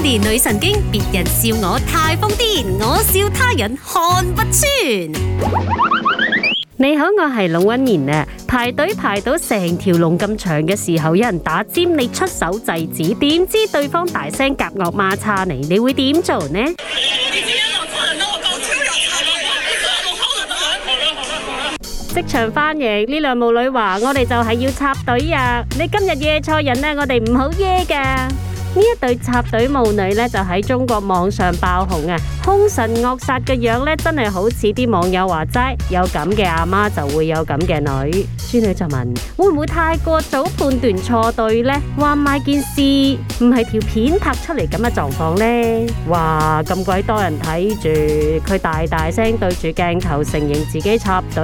年女神經，別人笑我太瘋癲，我笑他人看不穿。你好，我係龍紋敏啊。排隊排到成條龍咁長嘅時候，有人打尖，你出手制止，點知對方大聲夾惡罵叉你，你會點做呢？職場翻譯呢兩母女話：我哋就係要插隊啊！你今日惹錯人啦，我哋唔好惹噶。呢一對插隊母女呢，就喺中國網上爆紅啊！兇神惡煞嘅樣咧，真係好似啲網友話齋，有咁嘅阿媽就會有咁嘅女。孫女就問：會唔會太過早判斷錯對呢？話埋件事唔係條片拍出嚟咁嘅狀況呢？哇！咁鬼多人睇住佢大大聲對住鏡頭承認自己插隊，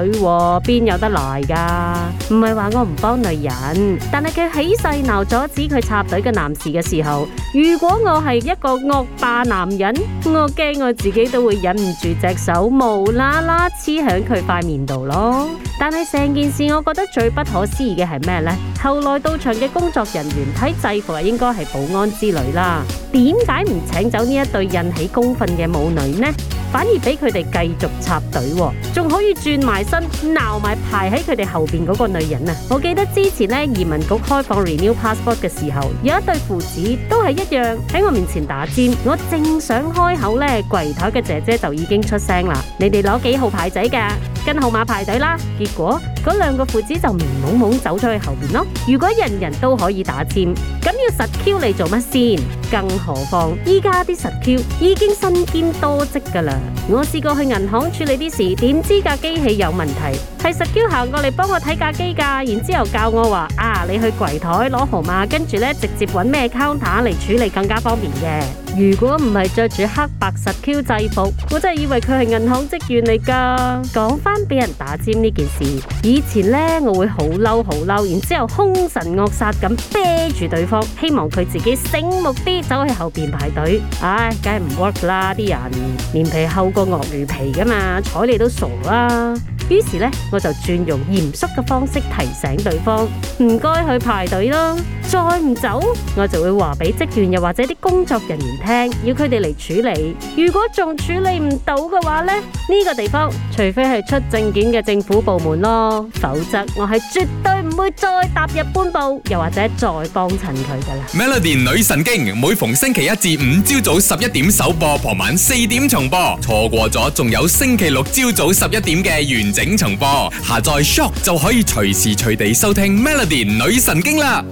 邊有得來㗎？唔係話我唔幫女人，但係佢起勢鬧阻止佢插隊嘅男士嘅時候，如果我係一個惡霸男人，我驚我。自己都會忍唔住隻手無啦啦黐響佢塊面度咯，但係成件事我覺得最不可思議嘅係咩呢？後來到場嘅工作人員睇制服，應該係保安之類啦，點解唔請走呢一對引起公憤嘅母女呢？反而俾佢哋繼續插隊哦，仲可以轉埋身鬧埋排喺佢哋後面嗰個女人啊。我記得之前咧，移民局開放 renew passport 嘅時候，有一對父子都係一樣喺我面前打尖，我正想開口咧，櫃台嘅姐姐就已經出聲啦，你哋攞幾號牌仔㗎？跟號碼排隊啦，結果嗰兩個父子就懵懵走出去後面咯。如果人人都可以打尖，咁要實 Q 嚟做乜先？更何況而家啲實 Q 已經身兼多職噶啦。我試過去銀行處理啲事，點知架機器有問題，係實 Q 行過嚟幫我睇架機噶，然之後教我話啊，你去櫃台攞號碼，跟住咧直接揾咩 counter 嚟處理更加方便嘅。如果唔係着住黑白實 Q 制服，我真係以為佢係銀行職員嚟噶。講翻俾人打尖呢件事，以前呢，我會好嬲好嬲，然之後凶神惡煞咁啤住對方，希望佢自己醒目啲，走去後邊排隊。唉、哎，梗係唔 work 啦，啲人面皮厚過鱷魚皮噶嘛，睬你都傻啦、啊。於是咧，我就轉用嚴肅嘅方式提醒對方，唔該去排隊咯。再唔走，我就會話俾職員又或者啲工作人員聽，要佢哋嚟處理。如果仲處理唔到嘅話咧，呢個地方除非係出證件嘅政府部門咯，否則我係絕對。會再踏入半步，又或者再幫襯佢噶啦。Melody 女神經每逢星期一至五朝早十一點首播，傍晚四點重播。錯過咗，仲有星期六朝早十一點嘅完整重播。下載 Shock 就可以隨時隨地收聽 Melody 女神經啦。